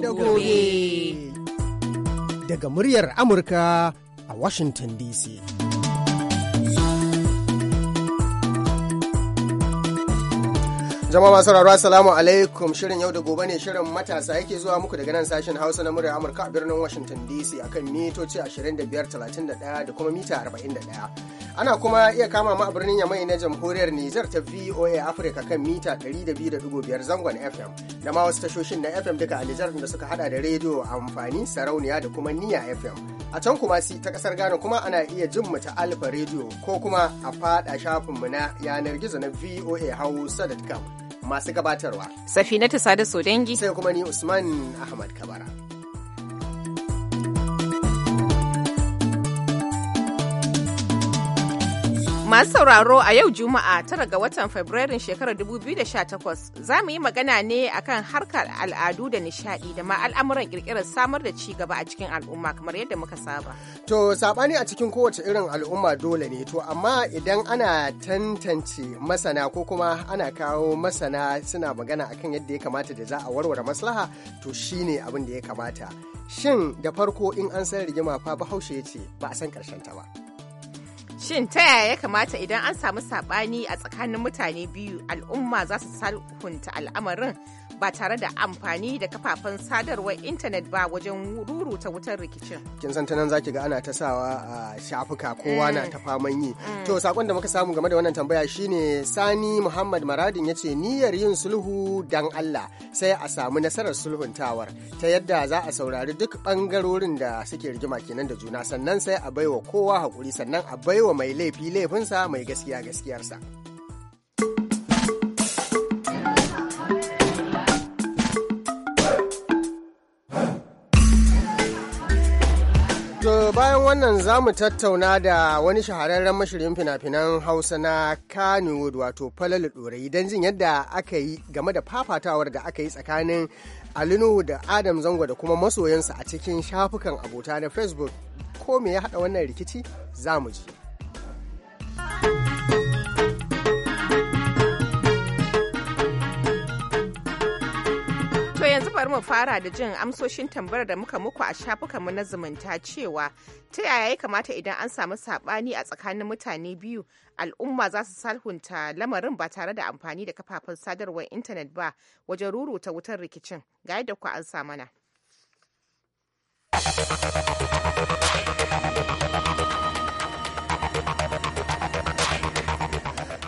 da gobe. Daga muryar Amurka a Washington DC. Jama'a masu sauraro salamu alaikum shirin yau da gobe ne shirin matasa yake zuwa muku daga nan sashen Hausa na muryar Amurka a birnin Washington DC akan mitoci 25, 31 da kuma mita 41. Ana kuma iya kama mu a birnin Yamai na jamhuriyar Nijar ta VOA Africa kan mita 102.5 zangon FM da ma wasu tashoshin na FM duka a Nijar da suka hada da rediyo amfani sarauniya da kuma niya FM. A can kuma si ta kasar Ghana kuma ana iya jin mu ta Alfa Radio ko kuma a fada shafinmu na yanar gizo na VOA Hausa.com masu gabatarwa. Safinatu Sada Sodangi. Sai kuma ni Usman Ahmad Kabara. Masu sauraro a yau Juma'a tara ga watan Fabrairun shekarar 2018 za mu yi magana ne akan harkar al'adu da nishadi da ma al'amuran kirkirar samar da ci gaba a cikin al'umma kamar yadda muka saba. To sabani a cikin kowace irin al'umma dole ne to amma idan ana tantance masana ko kuma ana kawo masana suna magana akan yadda ya kamata da za a warware maslaha to shine abin da ya kamata. Shin da farko in an san rigima fa Bahaushe ce ba a san karshen ta ba. Shin ta yaya ya kamata idan an samu saɓani a tsakanin mutane biyu al'umma za su salhunta al'amarin ba tare da amfani da kafafen sadarwar intanet ba wajen ruruta wutar rikicin. Kin san tanan zaki ga ana ta sawa a shafuka kowa na ta eh. faman yi. Mm. To sakon da muka samu game da wannan tambaya shine Sani Muhammad Maradin ya ce niyyar yin sulhu dan Allah sai a samu nasarar sulhuntawar ta yadda za a saurari duk bangarorin da suke rigima kenan da juna sannan sai a baiwa kowa hakuri sannan a baiwa mai laifi laifinsa mai gaskiya gaskiyarsa. wannan za mu tattauna da wani shahararren mashirin fina-finan Hausa na Kannywood wato Falalu Ɗorayi don jin yadda aka yi game da fafatawar da aka yi tsakanin Alinuhu da Adam Zango da kuma masoyansa a cikin shafukan abota na Facebook ko me ya haɗa wannan rikici za mu ji. bari mu fara da jin amsoshin tambara da muka muku a shafukanmu na zumunta cewa ta yaya ya kamata idan an samu saɓani a tsakanin mutane biyu al'umma za su salhunta lamarin ba tare da amfani da kafafen sadarwar intanet ba wajen ruruta wutar rikicin ga yadda ku an sa mana.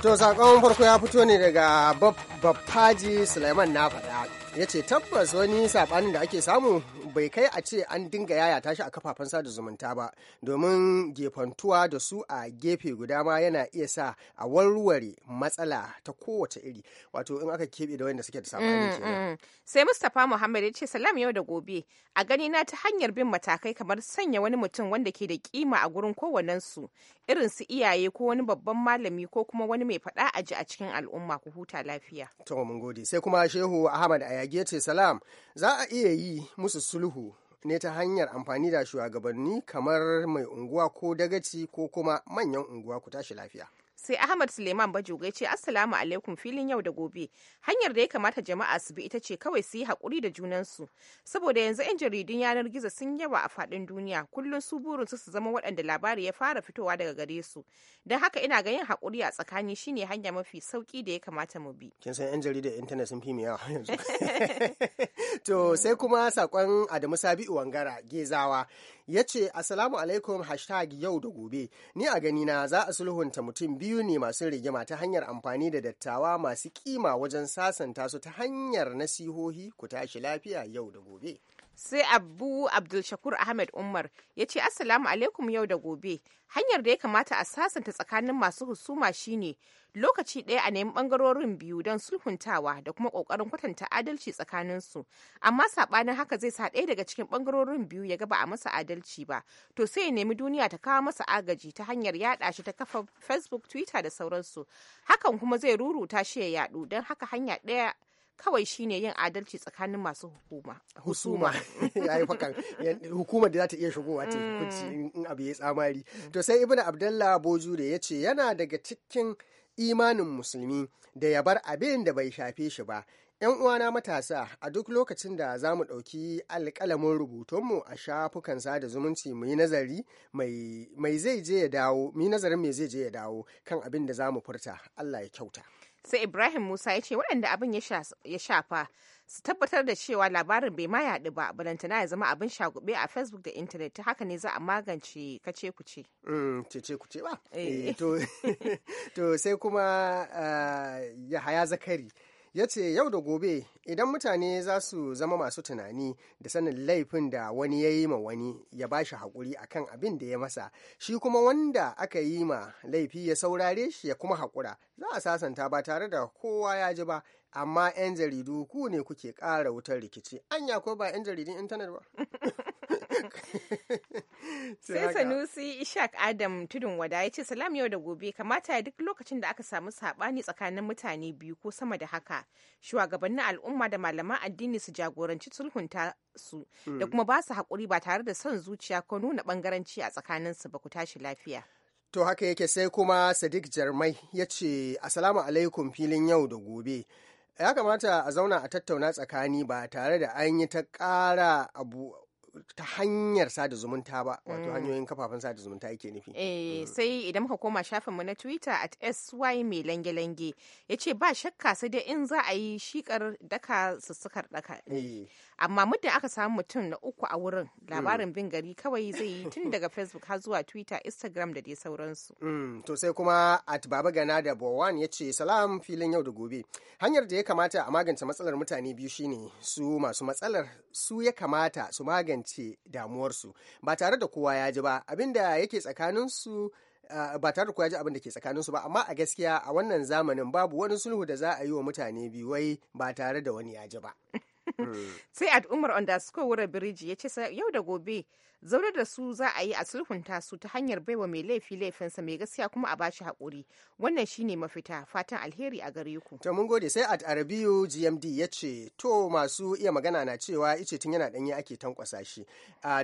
To sakon farko ya fito ne daga Baffaji Suleiman na faɗa. ya ce tabbas wani saɓanin da ake samu bai kai a ce an dinga yayata shi a kafafen sada zumunta ba domin gefantuwa da su a gefe guda ma yana iya sa a warware matsala ta kowace iri wato in aka keɓe da wanda suke da sabani mm, mm. sai Mustapha Muhammad ya ce salam yau da gobe a gani na ta hanyar bin matakai kamar sanya wani mutum wanda ke da kima a gurin kowannen su irin su iyaye ko wani babban malami ko kuma wani mai faɗa a ji a cikin al'umma ku huta lafiya to mun gode sai kuma Shehu Ahmad Ayage ce salam za a iya yi musu sulhu ne ta hanyar amfani da shugabanni kamar mai unguwa ko dagaci ko kuma manyan unguwa ku tashi lafiya. sai ahmad suleiman bajogai ce assalamu alaikum filin yau da gobe hanyar da ya kamata jama'a su bi ita ce kawai su yi haƙuri da junansu saboda yanzu 'yan jaridun yanar gizo sun yawa a faɗin duniya kullum su burin su zama waɗanda labari ya fara fitowa daga gare su don haka ina ga yin haƙuri a tsakani shine hanya mafi sauki da ya kamata mu bi kin san 'yan jaridar intanet sun fi mu yawa yanzu to sai kuma sakon adamu sabi'u wangara gezawa ya ce assalamu alaikum hashtag yau da gobe ni a ganina za a sulhunta mutum biyu biyu ne masu rigima ta hanyar amfani da dattawa masu kima wajen sasanta su ta hanyar nasihohi ku tashi lafiya yau da gobe. sai abu abdul shakur ahmed umar ya ce assalamu alaikum yau da gobe hanyar da ya kamata a sasanta tsakanin masu husuma shine lokaci ɗaya a nemi ɓangarorin biyu don sulhuntawa da kuma ƙoƙarin kwatanta adalci tsakaninsu amma saɓanin haka zai sa ɗaya daga cikin ɓangarorin biyu ya gaba a masa adalci ba to sai ya nemi duniya ta kawo masa agaji ta hanyar yaɗa shi ta kafa facebook twitter da sauransu hakan kuma zai ruruta shi ya yaɗu don haka hanya ɗaya kawai shine yin adalci tsakanin masu hukuma husuma yi fakan hukumar da za ta iya shigowa ta mm. hukunci in abu ya tsamari mm. to sai Abdullah abdullah bojure ya ce yana daga cikin imanin musulmi da ya bar abin da bai shafe shi ba 'yan uwana matasa a duk lokacin da za mu ɗauki alƙalamin rubutunmu a shafukan sada zumunci mu yi nazari mai zai je ya dawo mu yi nazarin mai zai je ya dawo kan abin da za mu furta allah ya kyauta sai ibrahim musa ya ce waɗanda abin ya shafa su tabbatar da cewa labarin bai ma yaɗu ba balantana ya zama abin shagube a facebook da intanet ta haka ne za a magance kace kuce mm, cece kuce ba eh. Eh, to sai kuma ah, yahaya zakari ya ce yau da gobe idan mutane za su zama masu tunani da sanin laifin da wani ya yi ma wani ya ba shi haƙuri a kan abin da ya masa shi kuma wanda aka yi ma laifi ya saurare shi ya kuma haƙura za a sasanta ba tare da kowa ya ji ba amma 'yan jaridu ku ne kuke kara wutar rikici anya ko ba 'yan jaridun intanet ba sai sanusi ishak adam tudun wada ya ce salam yau da gobe kamata ya duk lokacin da aka samu saɓani tsakanin mutane biyu ko sama da haka shugabannin al'umma da malaman addini su jagoranci sulhunta su hmm. da kuma ba su haƙuri ba tare da son zuciya ko nuna ɓangaranci a tsakanin su ba ku tashi lafiya To haka yake sai kuma Sadiq Jarmai ya ce, Asalamu alaikum filin yau da gobe. ya kamata a zauna a tattauna tsakani ba tare da an yi ta ƙara abu ta hanyar sada zumunta ba wato mm. hanyoyin kafafen sada zumunta yake nufi eh mm. sai idan muka koma shafin mu na twitter at sy mai lange lange ya ce ba shakka sai dai in za a yi shikar daka sussukar daka eh. amma muda aka samu mutum na uku a wurin mm. labarin bin gari kawai zai yi tun daga facebook har zuwa twitter instagram da dai sauransu to sai kuma at baba gana da bowan ce salam filin yau da gobe hanyar da ya kamata a magance matsalar mutane biyu shine su masu matsalar su ya kamata su magance magance damuwarsu ba tare da kowa ya ji ba abinda yake tsakaninsu ah, ba tare da kowa ji abin da ke tsakaninsu ba amma a gaskiya a wannan zamanin babu wani sulhu da za a yi wa mutane biyu wai ba tare da wani ya ji ba sai at umar underscore wura biriji ya ce yau da gobe zaure da su za a yi a sulhunta su ta hanyar baiwa mai laifi laifinsa mai gaskiya kuma a bashi haƙuri wannan shine mafita fatan alheri a gare ku to mun gode sai at arabiyu gmd ya ce to masu iya magana na cewa ice tun yana ɗanye ake tankwasa shi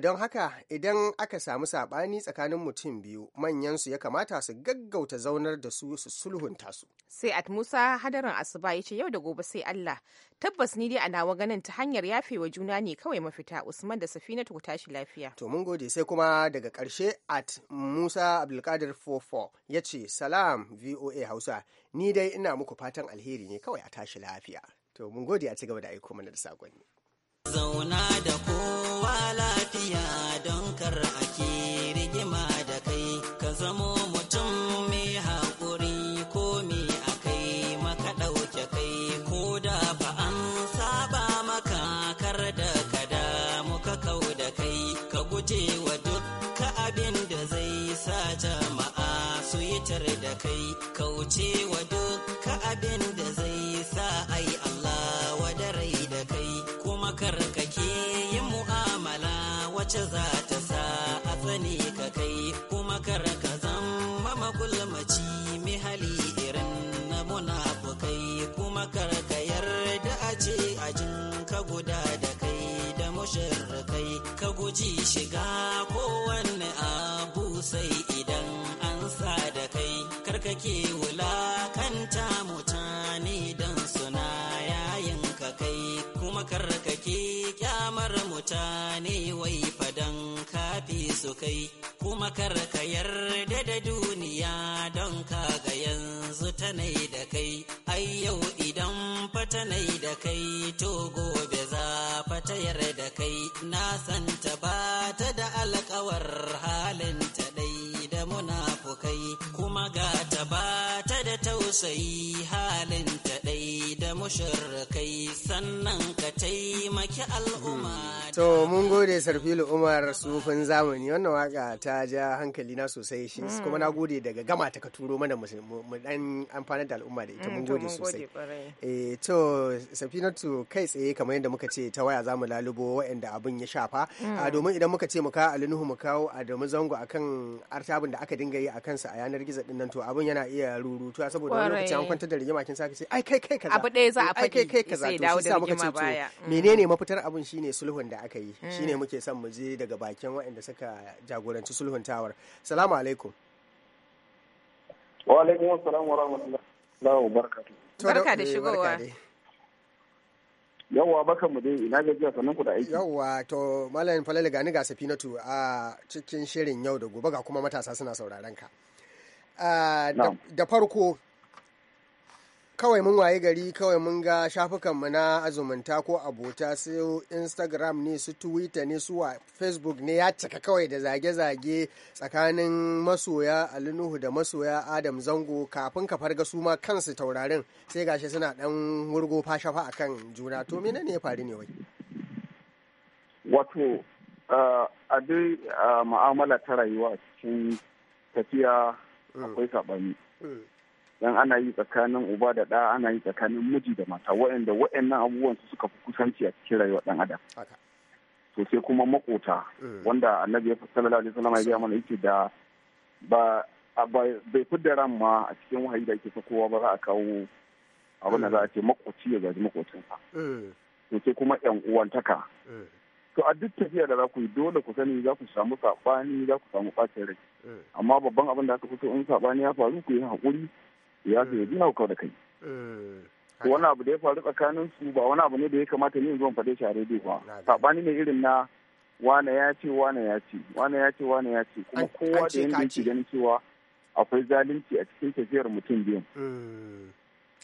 don haka idan aka samu saɓani tsakanin mutum biyu manyan su ya kamata su gaggauta zaunar da su su sulhunta su sai at musa hadarin asuba ya ce yau da gobe sai allah tabbas ni dai a nawa ganin ta hanyar yafe wa juna ne kawai mafita usman da safinatu ku tashi lafiya to mun gode sai kuma daga ƙarshe at Musa Abdulkadir 44 ya ce salam VOA Hausa ni dai ina muku fatan alheri ne kawai a tashi lafiya. To mun gode a cigaba da aiko mana da saƙonni. Zauna da kowa lafiya don kar kaucewa duka abin da zai sa ai Allah wadarai da kai kuma karkake yin mu'amala wacce za su kai kuma kar ka yarda da duniya don kaga yanzu tanai da kai ai yau idan fatanai da kai to gobe za fatayar da kai na santa ba ta da alkawar halin ta dai da munafukai kuma ga ta ba ta da tausayi halin ta dai da mushrikai sannan ka taimaki al'umma To mun gode Sarfilu Umar sufin zamani wannan waka ta ja hankali na sosai shi kuma hmm. na gode daga gama ta ka turo mana mu dan amfanar da al'umma da ita mun hmm, gode sosai. Eh to Safinatu kai tsaye kamar yadda muka ce ta waya zamu lalubo waɗanda abin ya shafa hmm. domin idan muka ce mu ka alinuhu mu kawo Adamu Zango akan artabin da aka dinga yi a kansa a yanar gizo din nan to abin yana iya rurutu saboda wani lokaci an kwanta da rigima kin saka ce ai kai kai kaza abu ɗaya za a faɗi sai dawo da rigima baya menene mafitar abin shine sulhun da aka yi hmm. ne muke son mu je daga bakin waɗanda suka jagoranci tawar salamu alaikum wa alaikum assalam wa rahmatullahi wa barakatuh barka da eh, shigowa yawwa baka mu dai ina gajiya sannan ku da aiki yawwa to malam falale gani ga safinatu a cikin shirin yau da gobe ga kuma matasa suna sauraron ka ah, da farko kawai mun waye gari kawai mun ga shafukanmu na azumunta ko abota su instagram ne su twitter ne su facebook ne ya cika kawai da zage-zage tsakanin masoya alinuhu da masoya adam zango kafin ka farga su ma kansu taurarin sai gashi suna dan wurgo fashafa a kan juna to mene ne ya faru ne wai wato eh, a dai eh, mu'amala ta rayuwa cikin tafiya mm. akwai saɓani mm. dan ana yi tsakanin uba da ɗa ana yi tsakanin miji da mata waɗanda waɗannan abubuwan su suka fi kusanci a cikin rayuwar ɗan adam to sai kuma makota mm. wanda annabi sallallahu alaihi wasallam ya ga mana yake da ba bai fidda ran ma a cikin wahayi da yake kowa ba za a kawo abin da za a mm. ce makoci ya gaji makocinsa mm. to sai kuma yan uwantaka to a duk tafiya da za ku yi dole ku sani za ku samu saɓani za ku samu ɓacin rai amma babban abin da aka fito in saɓani ya faru ku yi haƙuri ya zai ya hauka da kai eh, wani abu da ya faru tsakanin su ba wani abu ne da ya kamata ni zuwan faɗe shi a rediyo ba sabani ne irin na wane ya ce wane ya ce wane ya ce wane ya ce kuma kowa da yanda yake ganin cewa akwai zalunci a cikin tafiyar mutum biyun eh,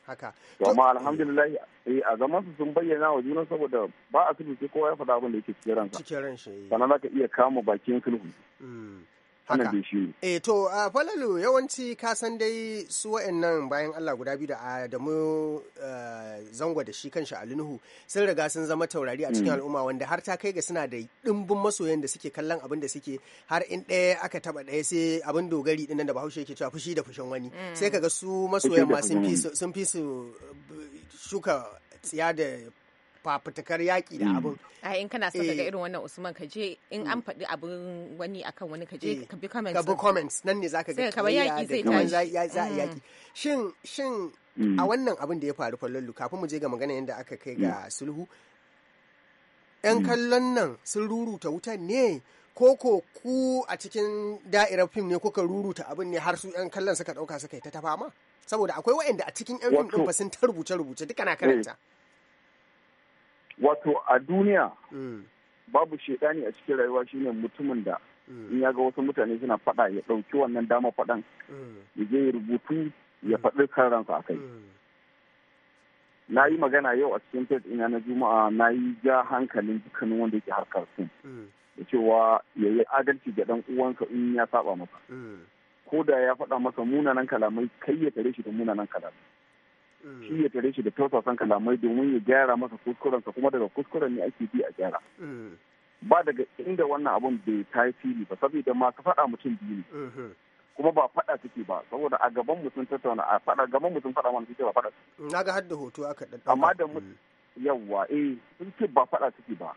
haka to amma alhamdulillah eh, a zaman su sun bayyana wa juna saboda ba a sulhu sai kowa ya faɗa abin da yake cikin ransa cikin ransa sannan zaka iya kama bakin sulhu mm. haka eh to uh, falalu yawanci ka san dai su wa'annan bayan Allah guda biyu da Adamu uh, zango da shi kanshi Alinuhu sun riga sun zama taurari a cikin mm. al'umma wanda har ta kai ga suna da dimbin masoyan da suke kallon abin da suke har in ɗaya aka taba ɗaya sai abin dogari din da Bahaushe yake cewa fushi da fushin wani mm. sai kaga su masoyan ma sun fi su eh, shuka tsiya da fafutukar yaƙi da mm. abin. A in kana son ga eh. irin wannan Usman ka je in an mm. faɗi abin wani akan wani ka je eh. ka bi comments. Ka bi comments nan ne zaka ga kamar yaƙi zai tashi. Za mm. yaƙi. Shin shin a wannan abin da ya faru lallu kafin mu je ga magana yadda aka kai ga sulhu. 'Yan kallon nan sun ruruta wuta ne Ko ko ku a cikin da'irar fim ne kuka ruruta abin ne har su 'yan kallon suka ɗauka suka yi ta tafama saboda akwai wa'anda a cikin 'yan fim ɗin fa sun ta rubuce rubuce duka na eh. karanta. Mm. wato a duniya mm. babu shaidani a cikin rayuwa shine mutumin da mm. in ya ga wasu mutane suna faɗa ya ɗauki wannan dama faɗan mm. ya je rubutu ya faɗi karansa a kai na yi magana yau a cikin fes ina na juma'a na yi ja hankalin dukkanin wanda yake harkar sun da cewa ya yi adalci ga ɗan uwansa in ya saba masa ko da ya faɗa masa munanan kalamai kai ya tare shi da munanan kalamai shi ya tare shi da tausasan kalamai domin ya gyara masa kuskurensa kuma daga kuskuren ne ake bi a gyara ba daga inda wannan abun bai fili ba saboda ma ka faɗa mutum biyu ne kuma ba faɗa take ba saboda a gaban mutum tattauna a faɗa gaban mutum faɗa mana take ba faɗa na ga hadda hoto aka ɗaɗɗauka amma da mu mm. yawwa eh sun ce ba faɗa take ba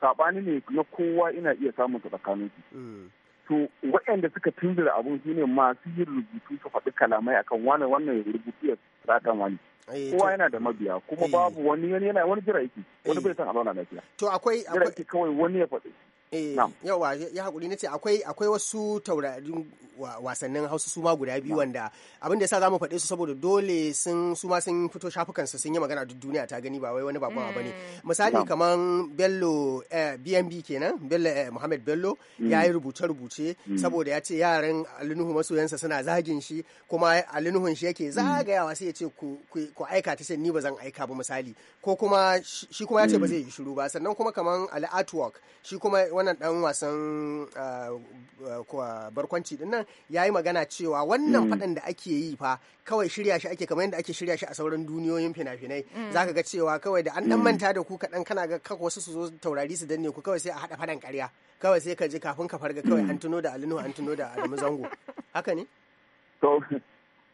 saɓani ne na kowa ina iya samun ta tsakanin su mm. to waɗanda suka tunzura abun shine masu yin rubutu su faɗi kalamai akan wannan wannan rubutu ya tsatan wani eh, kowa yana da mabiya kuma eh. babu wani yana wani jira yake wani eh. bai san a zauna lafiya to akwai akwai kawai wani ya faɗi Eh, yawa ya haƙuri na ce akwai wasu taurarin wasannin hausa suma guda biyu wanda abin da ya sa za mu faɗe su saboda dole sun suma sun fito shafukansu sun yi magana duk duniya ta gani ba wai wani bakon ba ne mm. misali kamar bello bnb eh, kenan bello eh, muhammad bello mm. ya yi rubuce-rubuce mm. saboda ya ce yaran alinuhu masoyansa suna zagin shi kuma alinuhun shi yake zagayawa sai ya ce ku aika ta ni ba zan aika ba misali ko kuma shi kuma ya ce ba zai yi shiru ba sannan kuma kamar ali artwork shi kuma wannan dan wasan ah, ah, barkwanci din nan ya yi magana cewa wannan mm. faɗan da ake yi fa kawai shirya shi ake kamar yadda ake shirya shi a sauran duniyoyin fina-finai mm. za ka ga cewa kawai da an dan mm. manta da ku kaɗan kana ga kaka wasu su zo taurari su danne ku kawai sai a haɗa faɗan karya kawai sai ka je kafin ka farga kawai an tuno da alinu an tuno da alamu zango haka ne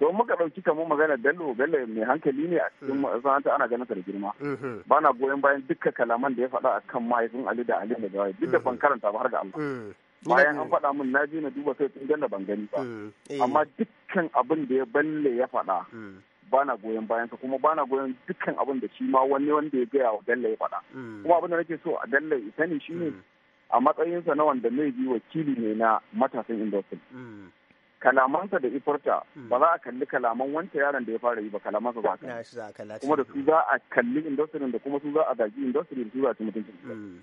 don muka ɗauki kamar magana bello bello mai hankali ne a cikin hmm. masana'anta ana ganin sa da girma hmm. ba na goyon bayan duka kalaman da ya faɗa akan mahaifin ali da ali da jawai duk da ban hmm. karanta ba har ga Allah bayan an faɗa min na je na duba sai tun da ban gani ba eh. amma dukkan abin da ya balle ya faɗa bana goyon bayan sa kuma bana goyon dukkan abin da shi ma wani wanda ya gaya wa Bello ya faɗa kuma abin da nake so a isa ya sani ne a matsayinsa na wanda mai bi wakili ne na matasan industry kalamansa da ifarta hmm. ba za a kalli kalaman wancan yaron da ya fara yi ba kalamansa ba ka kuma da su za a kalli industry da kuma su za a gaji industry su za a ci hmm.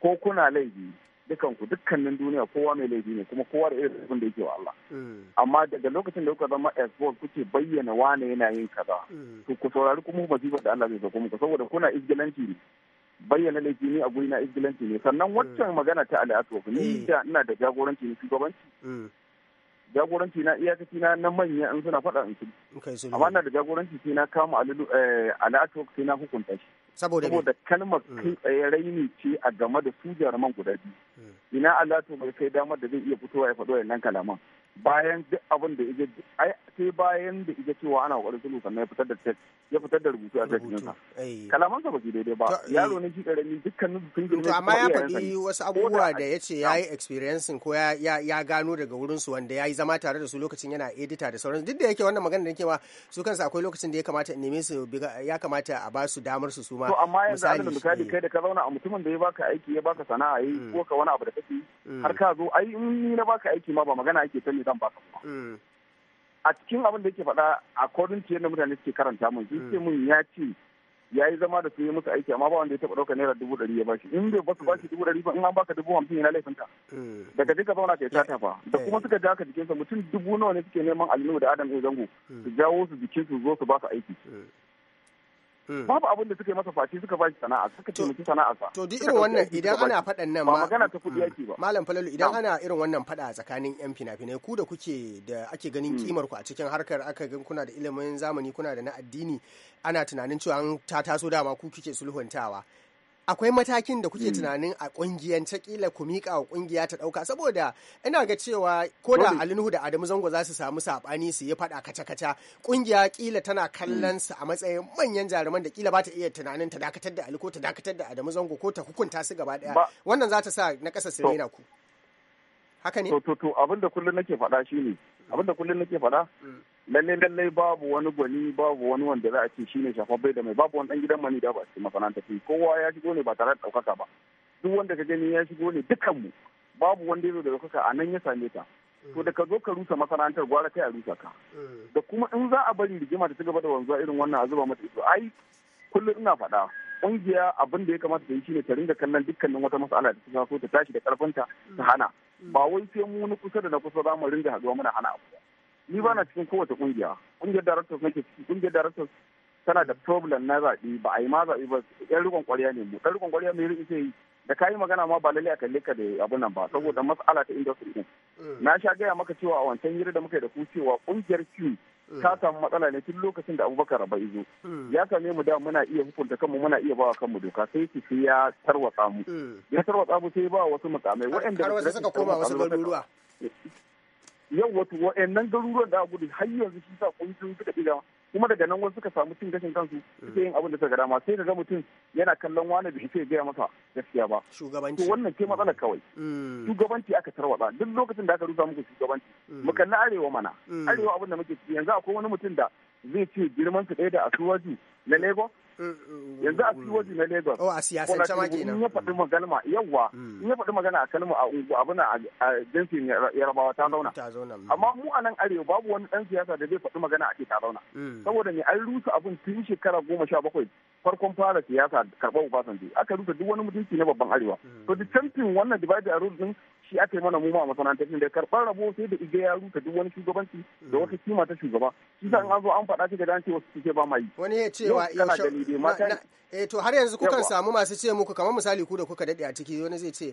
ko kuna laifi dukanku dukkanin duniya kowa mai laifi ne kuma kowa da irin abin da yake wa Allah hmm. amma daga lokacin da kuka zama export kuke bayyana wane yana yin kaza to ku saurari kuma masifar da Allah zai sako muku saboda kuna izgilanci ne bayyana laifi ne a guri na izgilanci ne sannan waccan magana ta al'atu ni eh. ina da jagoranci ne shugabanci jagoranci na iyakaci na na manya in suna faɗa in su amma na da jagoranci sai na kama alato eh, sai na hukunta shi saboda kalmar hmm. kai tsaye raini ce a game da su jaruman guda biyu hmm. ina alato bai kai damar da zai iya fitowa ya faɗo nan kalaman bayan duk abin da ai sai bayan da ya cewa ana kokarin sulhu sannan ya fitar da tek ya fitar da rubutu a cikin sa eh. kalaman sa baki daidai ba eh. yaro ne shi karamin dukkanin sun girma amma ya faɗi wasu abubuwa da ya ce ya yi experiencing ko ya gano daga wurin su wanda ya yi zama tare da su lokacin yana edita da sauransu duk da yake wannan magana da nake ma su kansu akwai lokacin da ya kamata in neme su ya kamata a ba su damar su su ma to amma yanzu misali eh. kai da ka zauna a mutumin da ya baka aiki ya baka sana'a yi mm. ko ka wani abu da kake mm. har ka zo ai in ni na baka aiki ma ba magana ake ta ne zan baka kuma mm. a cikin abin da yake faɗa a kodin ce yadda mutane suke karanta mun shi ce mm. mun ya ce ya yi zama da su yi musu aiki amma ba wanda ya taɓa ɗaukar naira dubu ɗari ya bashi in bai basu bashi dubu ɗari ba in an baka dubu hamsin yana laifinta mm. daga duka zauna yi ta tafa da kuma eh. suka ja ka jikinsa mutum dubu nawa ne suke neman alinu da adam ya zango su jawo su jikinsu zo su baka aiki Mm. babu abin da suka yi masa face suka ba shi sana'a suka taimaki sana'arsa to duk irin wannan idan ana faɗan nan ma magana ta kuɗi yake ba mm. malam falalu idan ana irin wannan faɗa tsakanin yan fina-finai ku da kuke da ake ganin mm. kimar ku a cikin harkar aka ga kuna da ilimin zamani kuna da na addini ana tunanin cewa an ta taso dama ku kike sulhuntawa akwai matakin da kuke hmm. tunanin a kungiyance kila ku mika wa kungiya ta dauka saboda ina ga cewa ko da Alinuhu da Adamu Zango za su samu sabani su yi fada kaca-kaca kungiya kila tana kallon su a matsayin manyan jaruman da kila ba ta iya tunanin ta dakatar da Ali ko ta dakatar da Adamu Zango ko ta hukunta su gaba daya wannan za ta sa na kasa su raina ku haka ne to to to abinda kullun nake faɗa shine abinda kullun nake faɗa hmm. lalle lalle babu wani gwani babu wani wanda za a ce shine shafaffe da mai babu wani dan gidan mani da ba a cikin masana'anta ce kowa ya shigo ne ba tare da ɗaukaka ba duk wanda ka gani ya shigo ne dukkanmu babu wanda ya zo da ɗaukaka a nan ya same ta to da ka zo ka rusa masana'antar gwara kai a rusa ka da kuma in za a bari rigima ta ci gaba da wanzuwa irin wannan a zuba mata to ai kullum ina faɗa ƙungiya abin da ya kamata ta yi shine ta ringa kallon dukkanin wata mas'ala da ta so ta tashi da karfinta ta hana ba wai sai mu na kusa da na kusa za mu ringa haɗuwa muna hana abu ni ba na cikin kowace kungiya kungiyar directors nake ciki kungiyar directors tana da problem na zaɓe ba a yi ma zaɓe ba ɗan rikon ƙwarya ne mu ɗan rikon ƙwarya mai riƙe ce da ka yi magana ma ba lalle a kalle ka da abun nan ba saboda matsala ta industry din mm. na sha gaya maka cewa a wancan hira da muka yi da ku cewa kungiyar Q mm. ta samu matsala ne tun lokacin da Abubakar Raba izo mm. ya same mu da muna iya hukunta kanmu muna iya bawa kanmu doka sai ki sai ya tarwatsa mu ya tarwatsa mu sai ba wasu mukamai waɗanda suka koma wasu garuruwa yau wato wa'annan garuruwan da gudu har yanzu shi sa kungiyoyi suka ɗiga kuma daga nan wasu suka samu cin gashin kansu suke yin abin da suka dama sai ga mutum yana kallon wani da sai gaya masa gaskiya ba shugabanci wannan ke matsala kawai mm. shugabanci aka tarwatsa duk lokacin da aka rusa muku shugabanci mm. mu kalli arewa mana mm. arewa abin da muke ciki yanzu akwai wani mutum da zai ce girman su ɗaya da asuwaji na lagos yanzu a siwaji na lagos oh a siyasan cama kenan mm. in ya faɗi magana yawa in ya faɗi magana a kalma a ungu abuna a jinsin yarabawa ta zauna mm. amma mu a nan arewa babu wani ɗan siyasa da zai faɗi magana a ce ta zauna mm. saboda ne an rusa abin tun shekara goma sha bakwai farkon fara siyasa karɓar obasanjo aka rusa duk wani mutunci na babban arewa to da canfin wannan divide a rule shi aka yi mana mu ma masana'antar da karɓar rabo sai da igiya ya rusa duk wani shugabanci da wata kima ta shugaba shi sa an zo an faɗa ta da dace wasu suke ba ma yi wani ya cewa yaushe daidai mata eh to har yanzu kukan samu masu ce muku kamar misali ku da kuka dade a ciki wani zai ce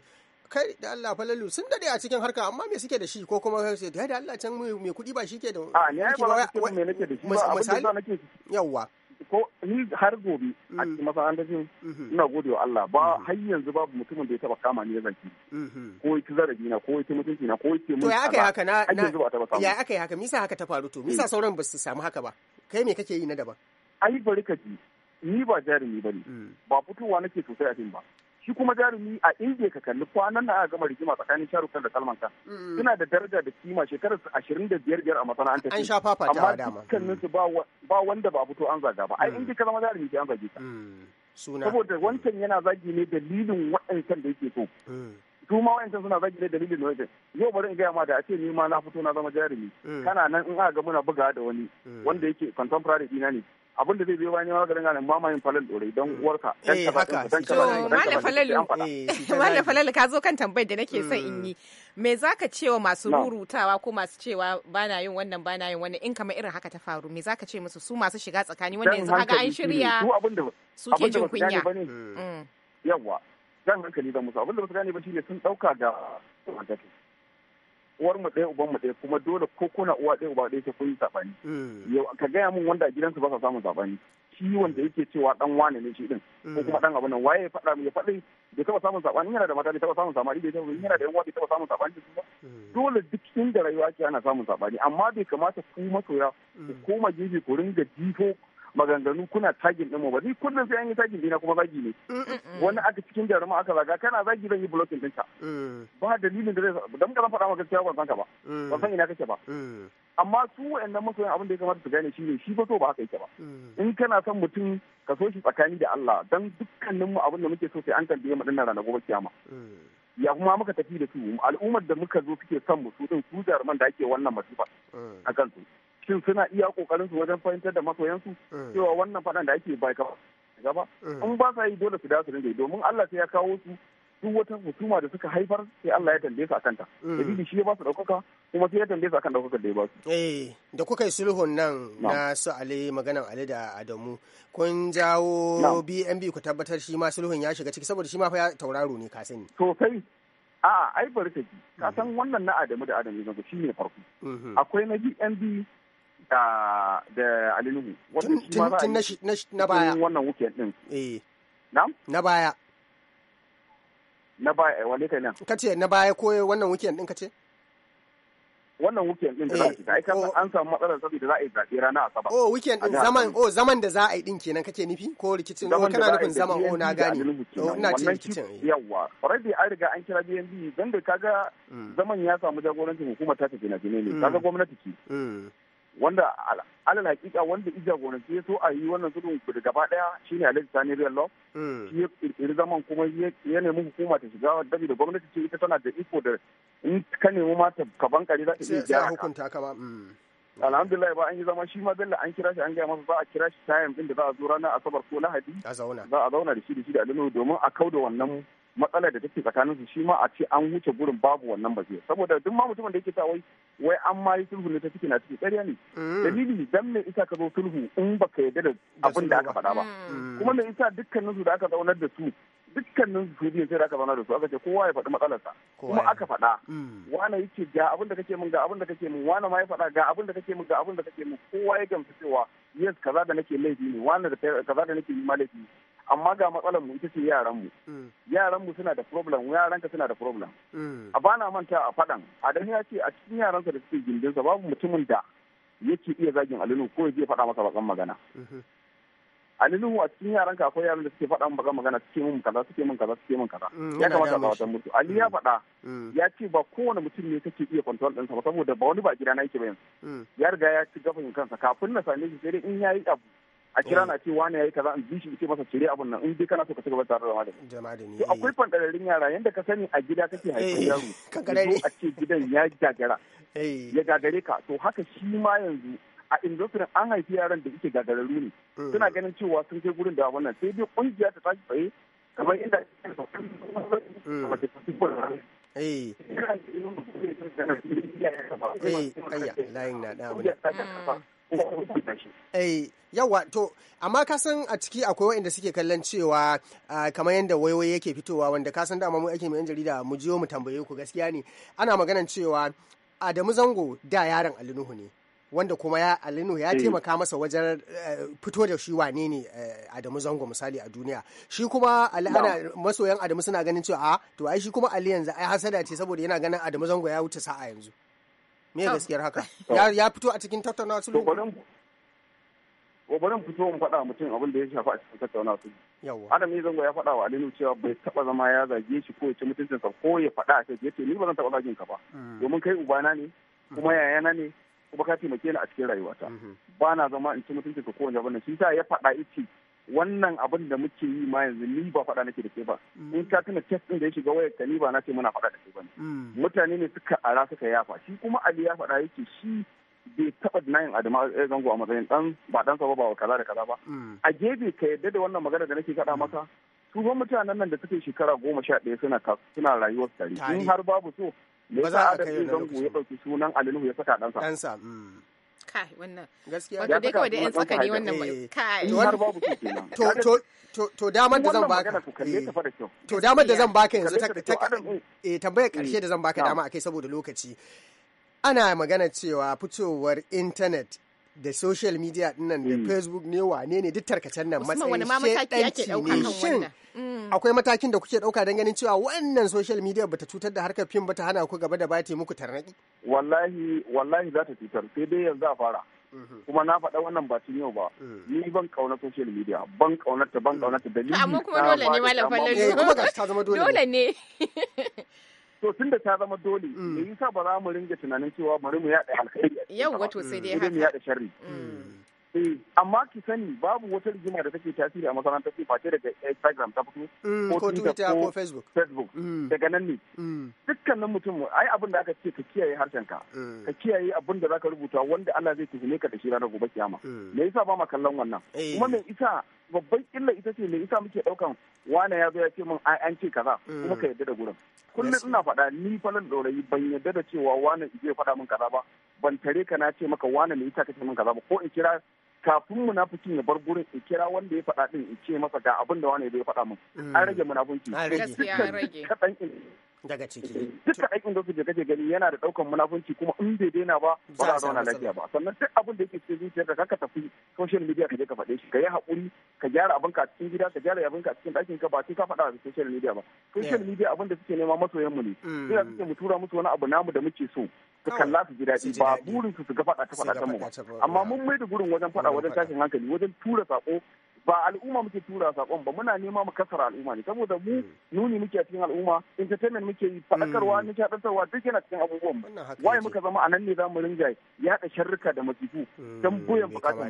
kai da Allah falalu sun dade a cikin harka amma me suke da shi ko kuma sai da Allah can me kuɗi ba shi ke da a ne ba me nake da shi ba abin nake yawa ko ni har gobe a mm. cikin dace mm-hmm. ina gode wa Allah ba mm-hmm. har yanzu babu mutumin da ya taba kama ni ya zanci mm-hmm. ko ya ci zarafi na ko ya mutunci na ko ya ci mun to ya aka haka na ya aka yi haka misa haka ta faru to misa eh. sauran ba su samu haka ba kai me kake yi na daban ai bari ka ji ni ba jarumi ba ne hmm. ba fitowa nake sosai a fim ba shi kuma jarumi a indiya ka kalli kwanan na a gama rigima tsakanin shahrukh da salman khan hmm. suna da daraja da kima shekarar su ashirin da biyar biyar a masana'antar an sha fafa ta dama dukkanin su hmm. ba wanda ba fito an zaga ba a indiya ka zama jarumi ke an zage ka saboda wancan yana zagi ne dalilin waɗancan da yake so su ma wayancan suna zagi ne dalilin wajen yau bari in gaya ma da a ce ni ma na fito na zama jarumi kana nan in aka ga muna buga da wani wanda yake contemporary dina ne abin da zai biyo bayan yawa garin ganin ba falal dorai don mm. uwarka dan eh, kaza dan kaza dan kaza eh, malam falal ka zo kan tambayar da nake son in mm. yi me za zaka cewa masu rurutawa ko masu cewa bana yin wannan bana yin wannan in kamar irin haka ta faru me za ka ce musu su masu shiga tsakani wanda yanzu kaga an mm, shirya su ke jin kunya yawa zan hankali da musu abin da ba su gane ba shine sun dauka da uwar mu ɗaya uban mu ɗaya kuma dole ko kuna uwa ɗaya uba ɗaya ke kun yi saɓani. Mm. Yau ka gaya min wanda a gidansu ba sa samun saɓani. Shi wanda yake cewa ɗan wane ne shi ɗin ko mm. kuma ɗan abu nan waye ya faɗa mu ya faɗi bai taɓa samun saɓani yana da mata bai taɓa samun saɓani bai taɓa yana da yan uwa bai taɓa samun saɓani ba. Mm. Dole duk inda rayuwa ke ana samun saɓani amma bai kamata ku masoya ku koma gefe ku ringa jifo maganganu kuna tagin ɗinmu ba ni kullum sai an yi tagin dina kuma zagi ne wani aka cikin jaruma aka zaga kana zagi zan yi blocking ɗinka mm. ba dalilin da zai dan ka zan faɗa maka gaskiya ban san ka ba mm. ban san ina kake ba mm. amma su wayannan masoyan abin da ya kamata su gane ne shi ba so ba haka yake ba in kana son mutum ka so shi tsakani da Allah dan dukkaninmu abin da muke so sai an tambaye mu dinnan ranar gobe kiyama ya kuma muka tafi da su al'ummar da muka zo suke son mu su din su jaruman da ake wannan masifa a kansu shin suna iya kokarin su wajen fahimtar da masoyansu eh. cewa wannan faɗan da ake bai ka gaba in ba sa yi dole su da su dinga domin Allah sai ya kawo su duk wata hukuma da suka haifar sai Allah ya tambaye su akan ta eh. dalili shi ya ba su daukaka kuma sai ya tambaye su akan daukakar da ya ba su eh da kuka yi sulhun nan na su Ali maganan Ali da Adamu kun jawo BNB ku tabbatar shi ma sulhun ya shiga ciki saboda shi ma fa ya tauraro ne ka sani sosai a'a ai bari ka ji ka mm. san wannan na Adamu da Adamu yanzu shi ne farko mhm. akwai na BNB da da alinuhu wanda shi ma za na baya wannan wuke din eh na na baya na baya wale kai nan kace na baya ko wannan wuke din kace wannan wuke din da za a fita eh, ai oh. an samu matsalar saboda za a yi zabe rana asabar oh wuke din zaman oh zaman da za a yi din kenan kake nufi ko rikicin ko oh, kana nufin zaman oh na gane oh, ina ce rikicin eh. yawa already an riga an kira BNB dan da kaga mm. zaman ya samu jagorancin hukuma ta ta gina gine ne kaga mm. gwamnati ce mm. wanda alal hakika wanda i gona ya so a yi wannan sulhun gaba daya shine Alhaji Sani Real Law hmm. shi ya kirkiri zaman kuma ya nemi hukuma ta shiga dabi da gwamnati ce ita tana da iko da in ka nemi mata ka bankare za ta iya gyara hukunta ka ba hmm. alhamdulillah ba an yi zama shi ma bella an kira shi an gaya masa za a kira shi tayan din da za a zo ranar asabar ko lahadi za a zauna da shi da shi da alinu domin a kauda wannan matsalar da take tsakanin su shi ma a ce an wuce gurin babu wannan ba saboda duk ma mutumin da yake ta wai wai an ma yi sulhu ne ta ciki na ciki tsariya ne mm. dalili dan mai isa ka zo sulhu in baka yarda da abin da aka faɗa ba mm. kuma me isa dukkanin su da aka zaunar da su dukkanin duniya sai da aka zauna da su aka ce kowa ya faɗi matsalarsa kuma aka faɗa mm. wani yake ga abin da kake min ga abin da kake min wani ma ya faɗa ga abin da kake min ga abin da kake min kowa ya gamsu cewa yes kaza da nake laifi ne wani da kaza da nake yi ma laifi amma ga matsalar mu ita ce yaran mu mm. yaran mu suna da problem yaran ka suna da problem mm. a bana manta a faɗan a dan ya ce a cikin yaransa da suke gindinsa babu mutumin da yake iya zagin alinu ko ya je faɗa masa bakan magana mm-hmm. a nuhu a cikin yaran ka akwai yaran da suke faɗa mun magana suke mun kaza suke mun kaza suke mun kaza mm, ya kamata ba wata mutu ali ya mm, faɗa mm. ya ce ba kowane mutum ne kake iya control ɗinsa ba saboda ba wani ba gida na yake ba yanzu ya riga ya ci gafin kansa kafin na same shi sai dai in yayi abu a kira na ce wani yayi kaza in ji shi ce masa cire abun nan in dai kana so ka ci gaba tare da malami to akwai fandararin yara yanda ka sani a gida kake haifar eh, yaro a ce gidan ya gagara eh. ya gagare ka to haka shi ma yanzu a industry an haifi yaran da suke gagararru ne mm. suna ganin cewa sun kai gurin da wannan sai dai kungiya ta tashi tsaye kamar inda yawa eh. eh, eh, to amma ka san a ciki akwai waɗanda suke kallon cewa kamar yadda waiwai yake fitowa wanda ka san dama mu ake mai yan jarida mu jiyo mu tambaye ku gaskiya ne ana maganan cewa Adamu Zango da yaron Alinuhu ne wanda kuma ya alinu ya eh. taimaka masa wajen eh, fito da shi wane ne eh, Adamu Zango misali a duniya shi kuma Ali masoyan Adamu suna ganin cewa a to ai shi kuma Ali yanzu ai hasada ce saboda yana ganin Adamu Zango ya wuce sa'a yanzu me gaskiyar haka ya fito a cikin tattaunawa su gobarin fito in faɗa mutum abin da ya shafa a cikin tattauna su adam ya zango ya faɗa wa alinu cewa bai taɓa zama ya zage shi ko ya ci mutuncinsa ko ya faɗa a kai ya ce ni ba zan taɓa zagin ka ba mm. domin kai ubana ne kuma mm. yayana ne kuma ka taimake ni a cikin rayuwata mhm. ba na zama in ci mutunci ka kowane abin shi ta ya faɗa ice wannan abin da muke yi ma yanzu ni ba faɗa nake da ke ba mhm. in ka tuna test din da ya shiga wayar ka ni ba na ce muna faɗa da ke ba mhm. mutane ne suka ara suka yafa shi kuma ali ya faɗa yake shi bai taɓa denying adama ya eh, zango a matsayin dan ba dan sa ba ba kaza da kaza ba a gefe ka yadda da wannan magana da nake faɗa maka tuban mutanen nan da suke shekara goma sha ɗaya suna suna rayuwar tare in har babu so ba za a kai zango ya ɗauki sunan alinuhu ya saka ɗansa ɗansa mm. kai wannan gaskiya dai kawai da yan ne wannan eh. kai to to to to damar da zan baka eh. to damar da zan baka yanzu ta eh. eh tambayar karshe mm. da zan baka dama akai saboda lokaci ana magana cewa fitowar intanet da social media dinnan da mm. facebook ne wane ne duk tarkacen nan matsayin shedanci ne shin mm. akwai matakin da kuke dauka don ganin cewa wannan social media bata cutar da harkar fim bata hana ku gaba da ta muku tarnaki wallahi wallahi za ta cutar sai dai yanzu a fara mm-hmm. kuma na faɗa wannan ba cin yau ba mm. ni ban kauna social media ban kaunarta ban kaunarta dalili amma kuma dole ne malam fallo eh, kuma ta zama dole ne to tun da ta zama dole mm. me yasa ba za mu ringa tunanin cewa bari mu yaɗa alkhairi yau wato sai dai haka mu yaɗa sharri mm. eh, amma ki sani babu wata rigima da take tasiri a ta ce face daga Instagram ta fito mm, ko Twitter ko Facebook Facebook daga nan ne dukkanin mutum ai abin da aka ce ka kiyaye harshen ka ka kiyaye abin da zaka rubuta wanda Allah zai tuhume ka da shi ranar gobe kiyama me yasa ba ma kallon wannan eh. kuma me isa babban illa ita ce me isa muke daukan wane ya zo ya ce min ai an ce kaza mm. kuma ka yadda da gurin kullum ina faɗa ni falan ɗorayi ban yadda da cewa wane zai faɗa min kaza ba ban tare ka na ce maka wane me ka ce min kaza ba ko in kira kafin munafikin ya bar gurin in kira wanda ya faɗa din in ce masa ga abin da wane ya faɗa min an mm. rage munafunci an rage daga ciki da aikin dokin da kake gani yana da daukan munafunci kuma in bai daina ba ba za a zauna lafiya ba sannan duk abin da yake cikin ka ka tafi social media ka je ka faɗe shi ka yi haƙuri ka gyara abin ka cikin gida ka gyara abin ka cikin ɗakin ka ba sai ka faɗa a social media ba social media abin da suke nema masoyan mu ne ina mm. suke mu tura musu wani abu namu da muke so su kalla su ji daɗi ba burin su su ga faɗa ta faɗa ta mu amma mun mai da gurin wajen faɗa wajen tashin hankali wajen tura sako ba al'umma muke tura sakon ba muna nema mu kasara al'umma ne saboda mu hmm. nuni muke cikin al'umma entertainment muke yi faɗakarwa muke hmm. haɗarwa duk yana cikin abubuwan ba waye muka zama a nan ne zamu ringa yaɗa sharrika da masifu hmm, dan goyon bukatun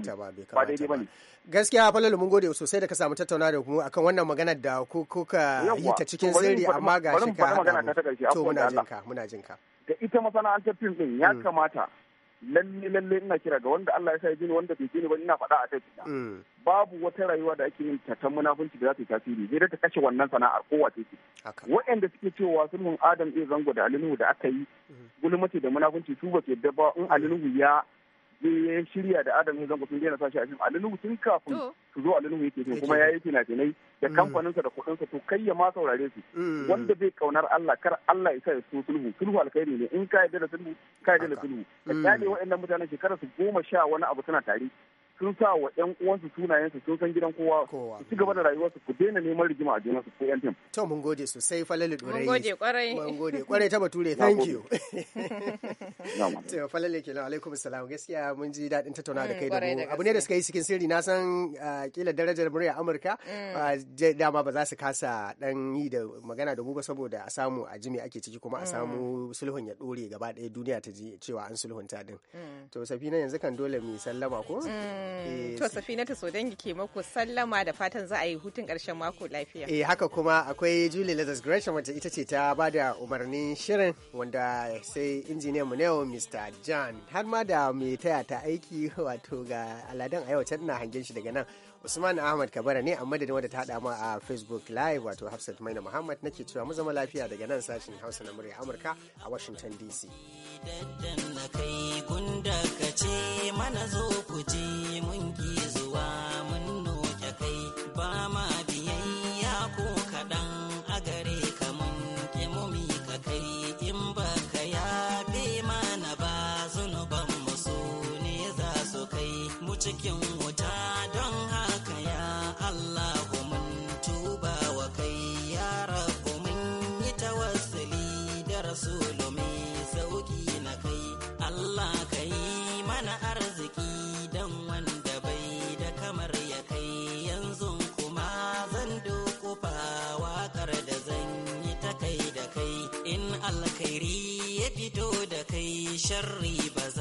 ba daidai bane gaskiya falalu mun gode sosai da ka samu tattauna da mu akan wannan magana da ku kuka yi ta cikin sirri amma gashi ka to muna jinka muna jinka da ita masana'antar fim din ya kamata lalle lalle ina kira ga wanda Allah ya sa jini wanda bai jini ba ina faɗa a kai mm. babu wata rayuwa da ake yin ta munafunci da za ta yi tasiri sai da ta kashe wannan sana'ar ko wace ce waɗanda suke cewa sulhun Adam iya zango da Alinuhu da aka yi mm. gulmace da munafunci su ba su yadda ba in Alinuhu ya ya shirya da adam ya zango sun daina sashi a fim alinuhu tun kafin su zo alinuhu yake fim kuma ya yi fina-finai da mm. kamfaninsa da kuɗinsa to kai ya ma saurare su mm. wanda zai kaunar Allah kar Allah ya sa ya so sulhu sulhu alkhairi ne in ka yi da sulhu ka yi da sulhu ka dade mm. waɗannan mutanen shekara su goma sha wani abu suna tare sun sa wa ƴan uwansu su sun san gidan kowa su ci gaba da rayuwarsu ku daina neman rigima a su ko ƴan tim. To mun gode sosai Falalu Durai. Mun gode kwarai. Mun gode kwarai ta Bature thank you. To Falalu nan alaikum salam gaskiya mun ji daɗin tattauna da mm, kai da mu. Abu ne da suka yi cikin sirri na san ah, kila darajar murya Amurka mm. ah, dama ba za su kasa dan yi da magana da mu ba saboda a samu a jimi ake ciki kuma a mm. samu sulhun ya dore gaba ɗaya duniya ta ji cewa an sulhunta din. To Safina yanzu kan dole mu sallama ko? Eh, eh, to ta so dangi ke mako sallama da fatan za a yi hutun karshen mako lafiya. Eh haka kuma akwai Julie Lazarus Gresham wacce ita ce ta ba da umarnin shirin wanda sai injiniyan mu yau Mr. John har ma da mai taya ta aiki wato ga aladan a yau na hangen shi daga nan. Usman Ahmad Kabara ne a madadin wadda ta haɗa mu a Facebook Live wato Hafsat Maina Muhammad nake cewa mu zama lafiya daga nan sashen Hausa na murya Amurka a Washington DC. Daddan na kai gunda ka mana zo alkhairi ya fito da kai sharri ba